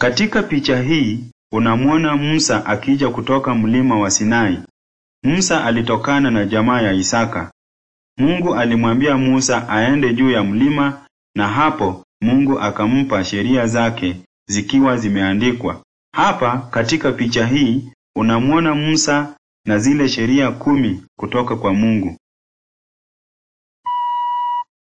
Katika picha hii unamwona Musa akija kutoka mlima wa Sinai. Musa alitokana na jamaa ya Isaka. Mungu alimwambia Musa aende juu ya mlima na hapo Mungu akampa sheria zake zikiwa zimeandikwa. Hapa katika picha hii unamwona Musa na zile sheria kumi kutoka kwa Mungu.